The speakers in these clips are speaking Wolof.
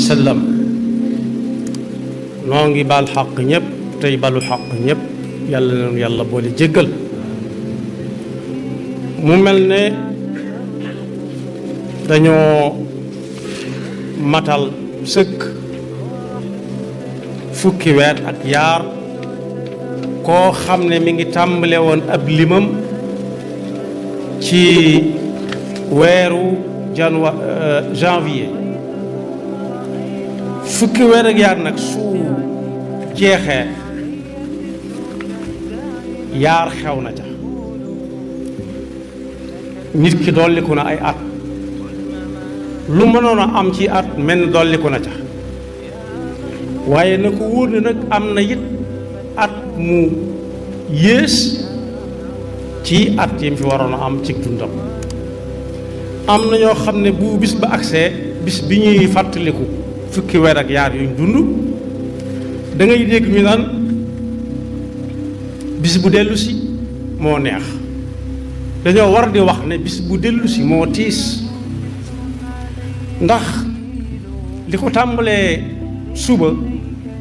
wasallam noo ngi baal xaq ñëpp tey balu xaq ñëpp yàlla na yàlla boole jéggal mu mel ne dañoo matal sëkk fukki weer ak yaar koo xam ne mu ngi tàmbalewoon woon ab limam ci weeru janwa euh, janvier fukki weer ak nag su jeexee yaar xew na ca nit ki dolliku na ay at lu mënoon am ci at mel ni dolliku na ca waaye na ko wóor ne nag am na yit at mu yées ci at yi mu fi waroon a am ci dundam am na ñoo xam ne bu bis ba agsee bis bi ñuy fàttaliku fukki weer ak yaar yuñ dund dangay ngay dégg ñu naan bis bu dellusi moo neex dañoo war di wax ne bis bu dellusi moo tiis ndax li ko tàmbalee suba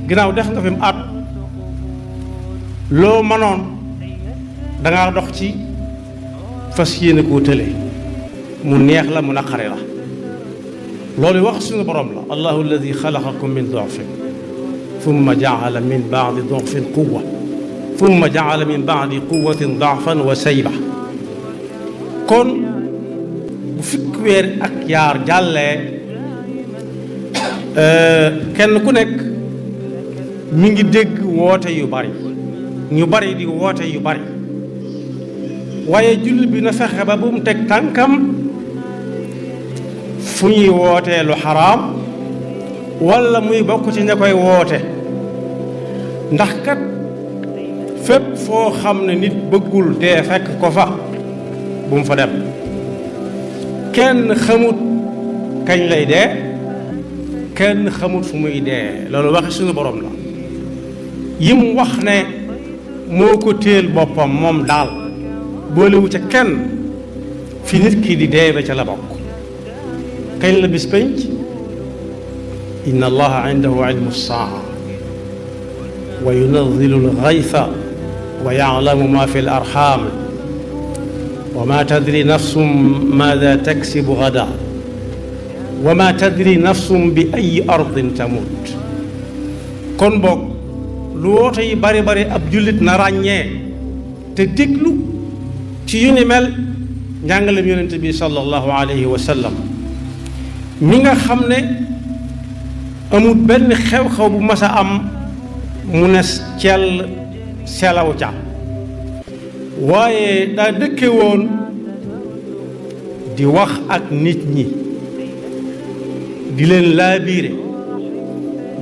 ginnaaw def nga fi mu at loo mënoon danga dox ci fas yéene koo tële mu neex la mu naqari la لولي وقسم برملة الله الذي خلقكم من ضعف ثم جعل من بعد ضعف قوة ثم جعل من بعد قوة ضعفا وسيبة كن بفكر أكيار جالة آه، كان كونك من دك ووتا يباري يباري دي ووتا يباري ويجل بنفخ بابوم تك تنكم fu ñuy wootee lu xaraam walla muy bokk ci ña koy woote ndax kat fépp foo xam ne nit bëggul dee fekk ko fa bu mu fa dem kenn xamut kañ lay dee kenn xamut fu muy dee loolu waxi suñu borom la yim wax ne moo ko téel boppam moom daal boolewu ca kenn fi nit kii di dee ba ca la bokk قيل لبس بنج إن الله عنده علم الساعة وينزل الغيث ويعلم ما في الأرحام وما تدري نفس ماذا تكسب غدا وما تدري نفس بأي أرض تموت كن بوك لوتي باري باري أبجلت نراني تدكلو تيوني مل نعلم ينتبه صلى الله عليه وسلم mi nga xam ne amul benn xew-xew bu ma sa am mu ne cell selaw ca waaye daa dëkke woon di wax ak nit ñi di leen laabiire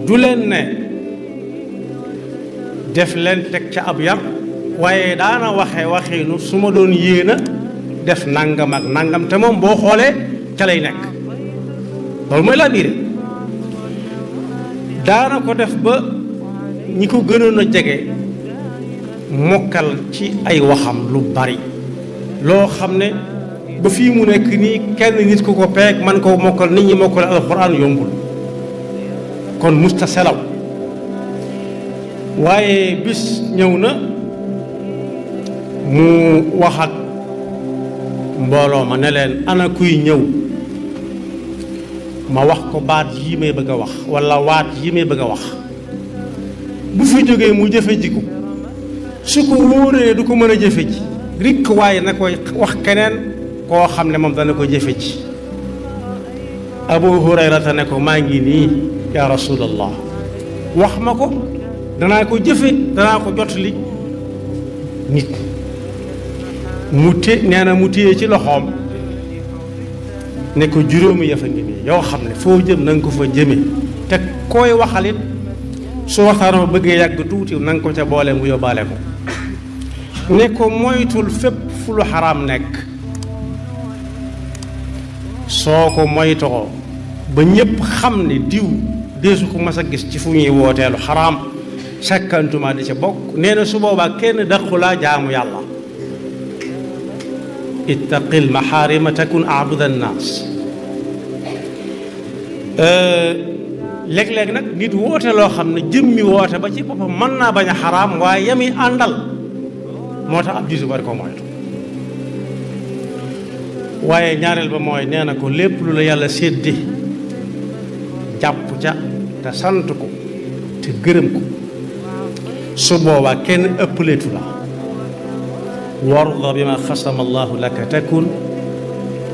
du leen ne def leen teg ca ab yar waaye daana waxe waxiinu su ma doon yéena def nangam ak nangam te moom boo xoolee ca lay nekk loolu mooy laabiire daana ko def ba ñi ko gënoon a jege mokkal ci ay waxam lu bari loo xam ne ba fii mu nekk nii kenn nit ku ko peeg man ko mokkal nit ñi mokkal alxuraan yombul kon musta selaw waaye bis ñëw na mu wax ak mbooloo ma ne leen ana kuy ñëw ma wax ko baat yi may bëgg a wax walla waat yi may bëgg a wax bu fi jógee mu jëfe jiku su ko wóoree du ko mën a jëfe ji rikk waaye na koy wax keneen koo xam ne moom dana ko jëfe ji abu hurayrata ne ko maa ngi nii yaa rasulallah wax ma ko danaa ko jëfe danaa ko jotali nit mu té nee na mu téye ci loxoom ne ko juróomi yafa ngi nii yoo xam ne foo jëm na nga ko fa jëme te koy waxalit su waxtaan ba bëggee yàgg tuuti na nga ko ca boole mu yóbbaale ko ne ko moytul fépp fu lu xaraam nekk soo ko moytoo ba ñépp xam ne diw deesu ko mas a gis ci fu ñuy wooteelu xaraam sakkantuma di ca bokk nee na su boobaa kenn daqu laa jaamu yàlla ittaqil maxaarima takun aabuda naas léeg-léeg nag nit woote loo xam ne jëmmi woote ba ci boppam mën naa bañ a xaraam waaye yami àndal moo tax ab jisu bari ko moytu waaye ñaareel ba mooy nee na ko lépp lu la yàlla séddi jàpp ca te sant ko te gërëm ko su boobaa kenn ëppaleetu la وارضى بما خصم الله لك تكن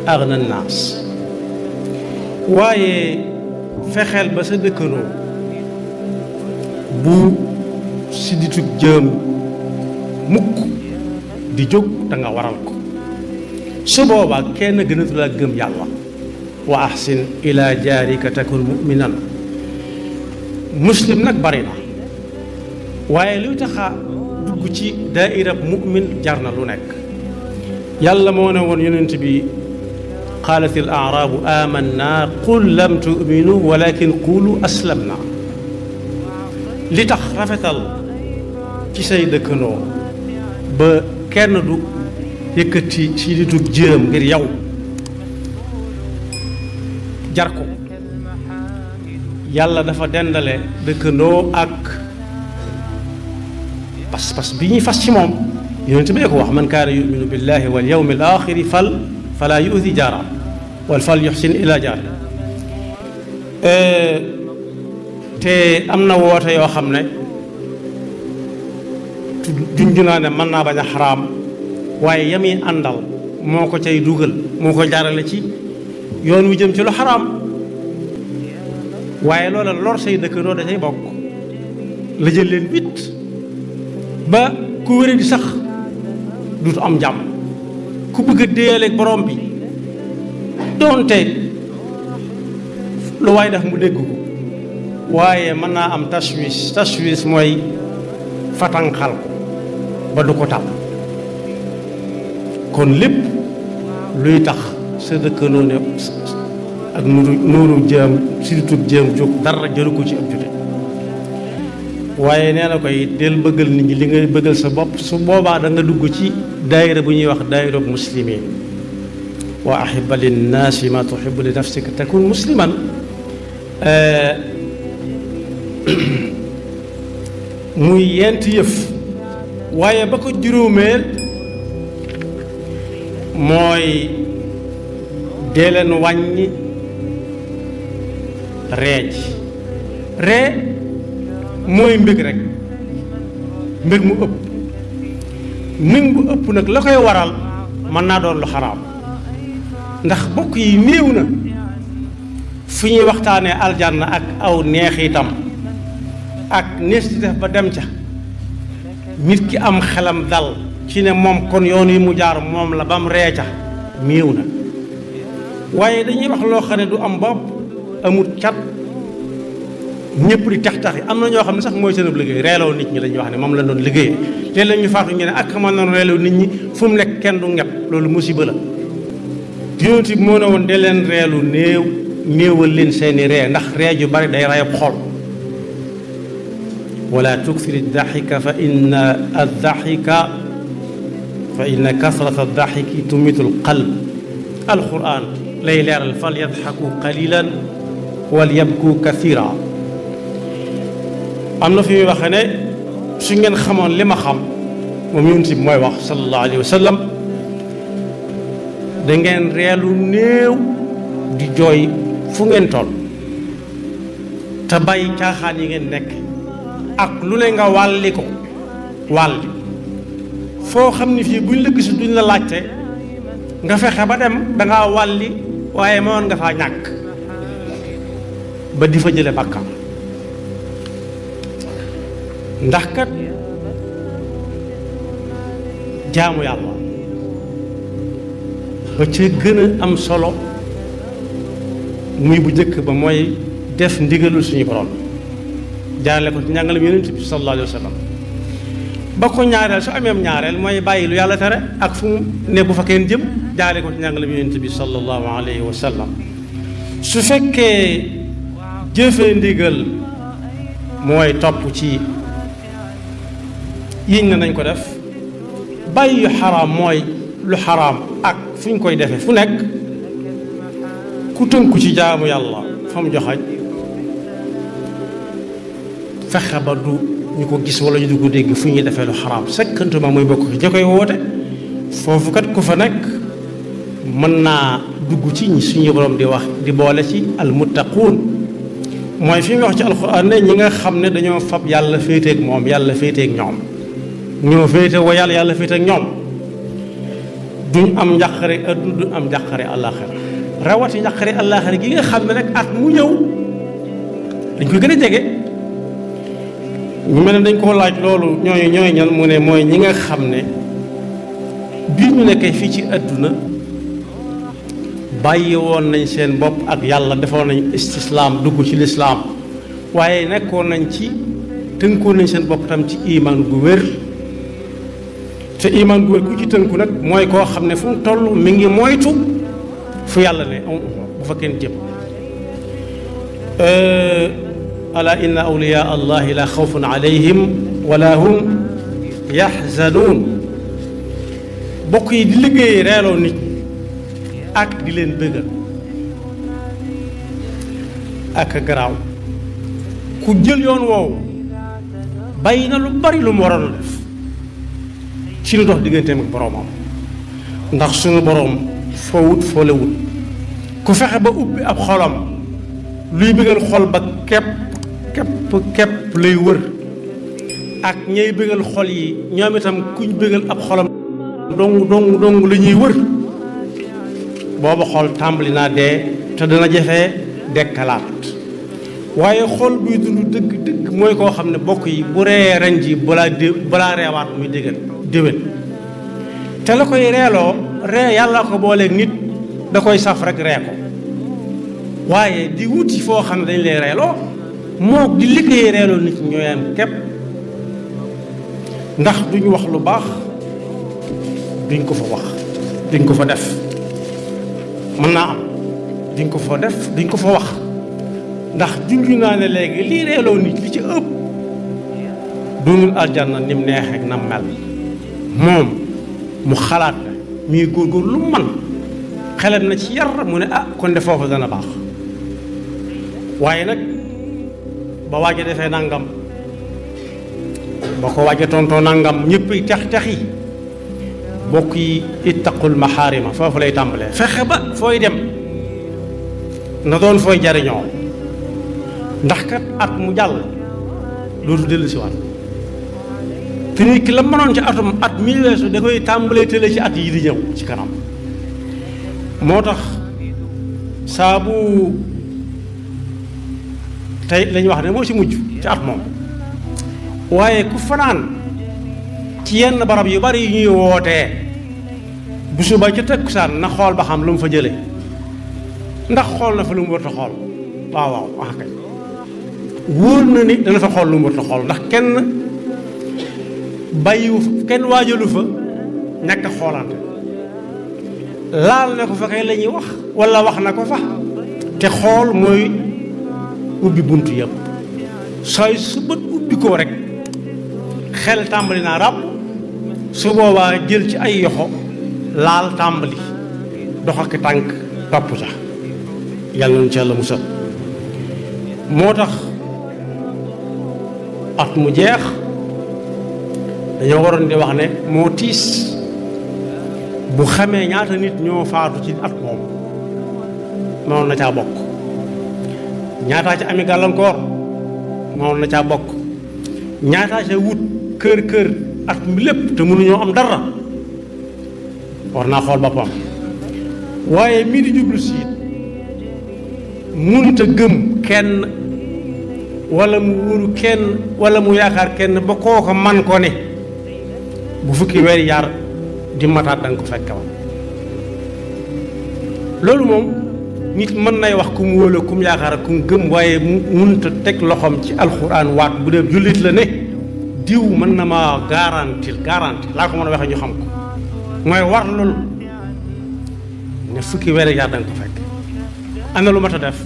أغنى الناس واي فخل بس بكنو بو سيدتك جام مك دي جوك تنغا ورالك سبوا كان جنت لا جم يلا وأحسن إلى جارك تكون مؤمنا مسلم نك برينا وايلو تخا dugg ci daaira mu'min jar na lu nekk yàlla moo ne woon yonent bi qaalat al aaraabu amanna qul lam tuminu walakin qulu aslamna li tax rafetal ci say dëkkandoo ba kenn du yëkkati ci litug jërëm ngir yow jar ko yàlla dafa dendale dëkkandoo ak parce parce bi ñuy fas ci moom yonent bee ko wax man kaana yuminu billahi wal yawmi al axiri fal fala yuudi jaara wal fal yuxsin ila jaar te am na woote yoo xam ne junj naa ne mën naa bañ a xaraam waaye yami àndal moo ko cay dugal moo ko jaarale ci yoon wi jëm ci lu xaraam waaye loola lor say dëkkandoo da cay bokk la jël leen bit ba ku wéré di sax duutu am jàmm ku bëgg a déyaleeg borom bi doonte lu waay def mu dégg ko waaye mën naa am taswis taswis mooy fatanxal ko ba du ko tàpp kon lépp luy tax sa dëkkandoo ne ak nuru nuuru jéem surtout jéem jóg dara jëru ko ci ab jot waaye nee na koy it del bëggal nit ñi li nga bëggal sa bopp su boobaa danga dugg ci daayira bu ñuy wax daayirob muslimin wa ahiba linnaasi ma tuhibu li nafsika takun musliman eh, muy yent yëf waaye ba ko juróomeel mooy dee leen wàññi reej ree mooy mbég rek mbég mu ëpp mbég mu ëpp nag la koy waral mën naa doon lu xaraam ndax bokk yi néew na fu ñuy waxtaanee aljanna ak aw neex itam ak nees di def ba dem ca nit ki am xelam dal ci ne moom kon yoon yi mu jaar moom la ba mu ree ca néew na waaye dañuy wax xam ne du am bopp amut cat ñëpp di tax tax amna ño xamni sax moy seen liggey reelo nit ñi lañuy wax ni mom la doon liggey léeg la ñu faatu ñene ak xamal non reelo nit ñi fu mu nek kenn du ñep lolu musibe la yonent mo na won woon de leen reelu néew néewal leen seeni ree ndax ree ju bari day rayab xol wala tuksiri daxika fa inna addaxika fa inna kasrata addaxiki tumitul qalb alquran lay leeral fal yadxaku qalilan wal yabku kathira am na fi muy waxee ne su ngeen xamoon li ma xam moom yonent bi mooy wax sallallahu alayhi wa sallam da reelu néew di jooy fu ngeen toll te bàyyi caaxaan yi ngeen nekk ak lu ne nga wàlli ko wàlli foo xam ne fii buñ la gisul duñ la laajte nga fexe ba dem dangaa wàlli waaye mënoon nga faa ñàkk ba di fa jële bàkkaam ndax kat jaamu yàlla ba ci gën am solo muy bu njëkk ba mooy def ndigalul suñu borom jaarale ko ci njàngalam yonent bi sallallahu alayhi wa sallam ba ko ñaareel su ameem ñaareel mooy bàyyi lu yàlla tere ak fu mu ne bu fa kenn jëm jaarale ko ci njàngalam yonent bi sallallahu alayhi wa sallam su fekkee jëfee ndigal mooy topp ci yiñ na nañ ko def bàyyi xaraam mooy lu xaraam ak fu ñu koy defee fu nekk ku tënku ci jaamu yàlla fa mu joxaj fexe ba du ñu ko gis wala ñu du ko dégg fu ñuy defee lu xaraam sekkantuma mooy bokk ci ña koy woote foofu kat ku fa nekk mën naa dugg ci ñi suñu borom di wax di boole ci almuttaquun mooy fi wax ci alquran ne ñi nga xam ne dañoo fab yàlla féeteeg moom yàlla féeteeg ñoom ñoo féete wa yàlla yàlla féete ak ñoom duñ am njàqare adduna duñ am njàqare àllaaxira rawati njàqare àllaaxira gi nga xam ne rek at mu ñëw dañ koy gën a jege ñu mel ne dañ koo laaj loolu ñooñu ñooy ñan mu ne mooy ñi nga xam ne bii ñu nekkee fii ci adduna bàyyi woon nañ seen bopp ak yàlla defoon nañ istislaam dugg ci lislaam waaye nekkoon nañ ci tënkoon nañ seen bopp tam ci iman gu wér te iman gu wér ku ci tënku nag mooy koo xam ne fu mu toll mi ngi moytu fu yàlla ne bu fa kenn jëm ala inna awliya allahi la xawfun alayhim wala hum yaxzanuun bokk yi di liggéey reeloo nit ak di leen bëggal ak garaaw ku jël yoon woowu bàyyi na lu bari lu mu waroon def ci lu dox digganteem ak boroomam ndax suñu borom foo folewut ku fexe ba ubbi ab xolam luy bëggal xol ba kep kep kep lay wër ak ñay bëggal xol yi ñoom itam kuñ bëggal ab xolam dong dong dong la ñuy wër booba xol tàmbali naa dee te dana jafee dekkalaat waaye xol buy dund dëgg dëgg mooy koo xam ne bokk yi bu ree ren ji balaa dé balaa reewaat muy déggal déwén te la koy reeloo ree yàlla ko booleeg nit da koy saf rek ree ko waaye di wuti foo xam ne dañ lay reeloo moo di liggéey reeloo nit ñooyam képp ndax duñ wax lu baax duñ ko fa wax duñ ko fa def mën naa am duñ ko fa def duñ ko fa wax ndax junju naa ne léegi lii reeloo nit li ci ëpp dunul aljanna nim neex rek nam mel موم مو خلاط مي غور غور لو مان خلات نا سي يار مو نه اه كون دي فوفو دانا باخ واي نك با واجي دافاي نانغام بوكو واجي تونتو نانغام نيبي تخ تخي بوكي اتقوا المحارم فوفو لاي تامبلي فخبا فوي ديم نادون فوي جاريño ndax kat at mu jall lolu delu ci wat te nit ki la mënoon ci atum at mi weesu da koy tàmbalee tële ci at yi di ñëw ci kanam moo tax saabu bu tey lañuy wax ne moo ci mujj ci at moom waaye ku fanaan ci yenn barab yu bari yu ñuy wootee bu suba ca tëkkusaan na xool ba xam lu mu fa jële ndax xool na fa lu mu warta xool waaw waaw ah kay wóor na ni dana fa xool lu mu warta xool ndax kenn bàyyiwu kenn waajalu fa ñàkk xoolaante laal na ko fa kay la ñuy wax wala wax na ko fa te xool mooy ubbi bunt yëpp sooy su ubbi koo rek xel tàmbali naa ràbb su boobaa jël ci ay yoxo laal tàmbali dox ak tànk topp sax yàlla na ci yàlla musal moo tax at mu jeex dañoo waroon di wax ne moo tiis bu xamee ñaata nit ñoo faatu ci at moom mënoon na caa bokk ñaataa ci ami gàllankoor na caa bokk ñaataa ca wut kër kër at mi te mënuñoo am dara war naa xool boppam waaye mii di jublu si mënut a gëm kenn wala mu wóolu kenn wala mu yaakaar kenn ba kooka man ko ne bu fukki weer yaar di mataat da nga ko fekk kawam loolu moom nit mën nay wax ku mu wóola ku mu yaakaar ku mu gëm waaye mu munta teg loxoom ci alxuraan waat bu dee jullit la ne diw mën na ma garantil garanti laa ko mën a waxee ñu xam ko mooy war loolu ne fukki weer yaar da ko fekk am na lu mat a def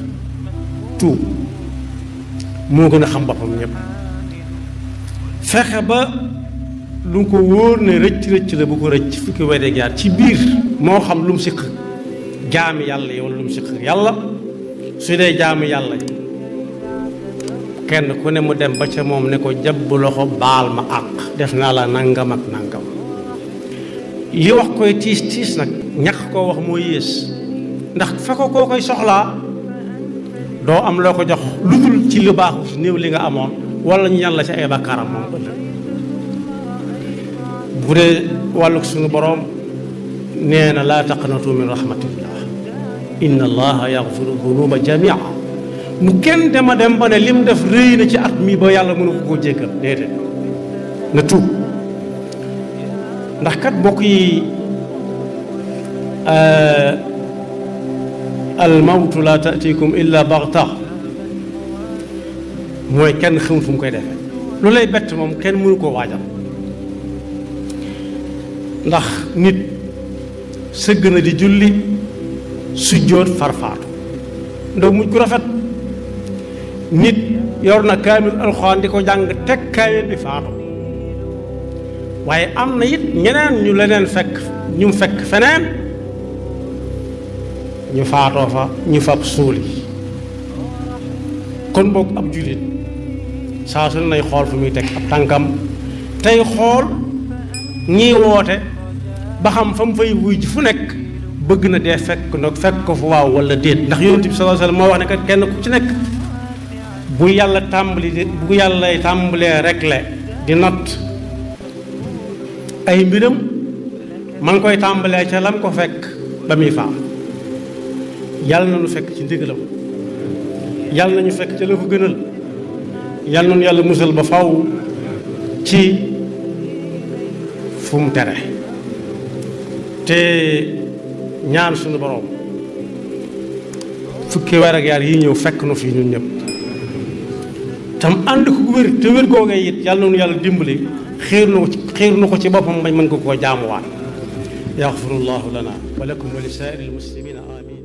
tuub moo gën a xam boppam ñëpp fexe ba lu ko wóor ne rëcc rëcc la bu ko rëcc fukki wedeeg yaar ci biir moo xam lu mu siq jaami yàlla yi wala lu mu siq yàlla su dee jaam yàlla kenn ku ne mu dem ba ca moom ne ko jàpp loxo baal ma àq def naa la nangam ak nangam li wax koy tiis tiis nag ñàkk koo wax moo yées ndax fa ko koo koy soxlaa doo am loo ko jox lu ci lu baaxu néew li nga amoon wala ñu yàlla ci ay bakkaaram moom ëllëg بره والوك سنو بروم نينا لا تقنطوا من رحمة الله إن الله يغفر الذنوب جميعا مكن دم دم بان لم دف ري ني سي اتمي با يالا مونو آه، كو جيكب ديت نتو ndax kat bokki euh al maut la ta'tikum illa baghta moy ken xewu fum koy def lolay bet mom ken mënu ko wajal ndax nit sëgg na di julli sujjóot farfaatu ndaw mujj ku rafet nit yor na kaamil alxuraan di ko jàng teg kaamil bi faatu waaye am na it ñeneen ñu leneen fekk ñu fekk feneen ñu faatoo fa ñu fab suuli kon boog ab jullit saa su ne nay xool fu muy teg ab tànkam tey xool ñiy woote ba xam fa mu fay wuy ji fu nekk bëgg na dee fekk ndox fekk ko fa waaw wala déet ndax yonent bi sallallahu alayhi moo wax ne kat kenn ku ci nekk bu yàlla tàmbali bu yàlla tàmbalee rek le di not ay mbiram ma ngi koy tàmbalee ca lam ko fekk ba muy faa yàlla na ñu fekk ci ndigalam yàlla na ñu fekk ca la ko gënal yàlla na ñu yàlla musal ba faw ci fu mu tere te ñaan suñu borom fukki weer ak yaar yi ñëw fekk nu fi ñun ñëpp tam ànd ko wér te wér googee it yàlla noonu yàlla dimbali xiir nu ko ci xiir nu ko ci boppam bañ mën ko koo jaamuwaat yaxfirullahu lana wa lakum wa li saa'iril muslimina amin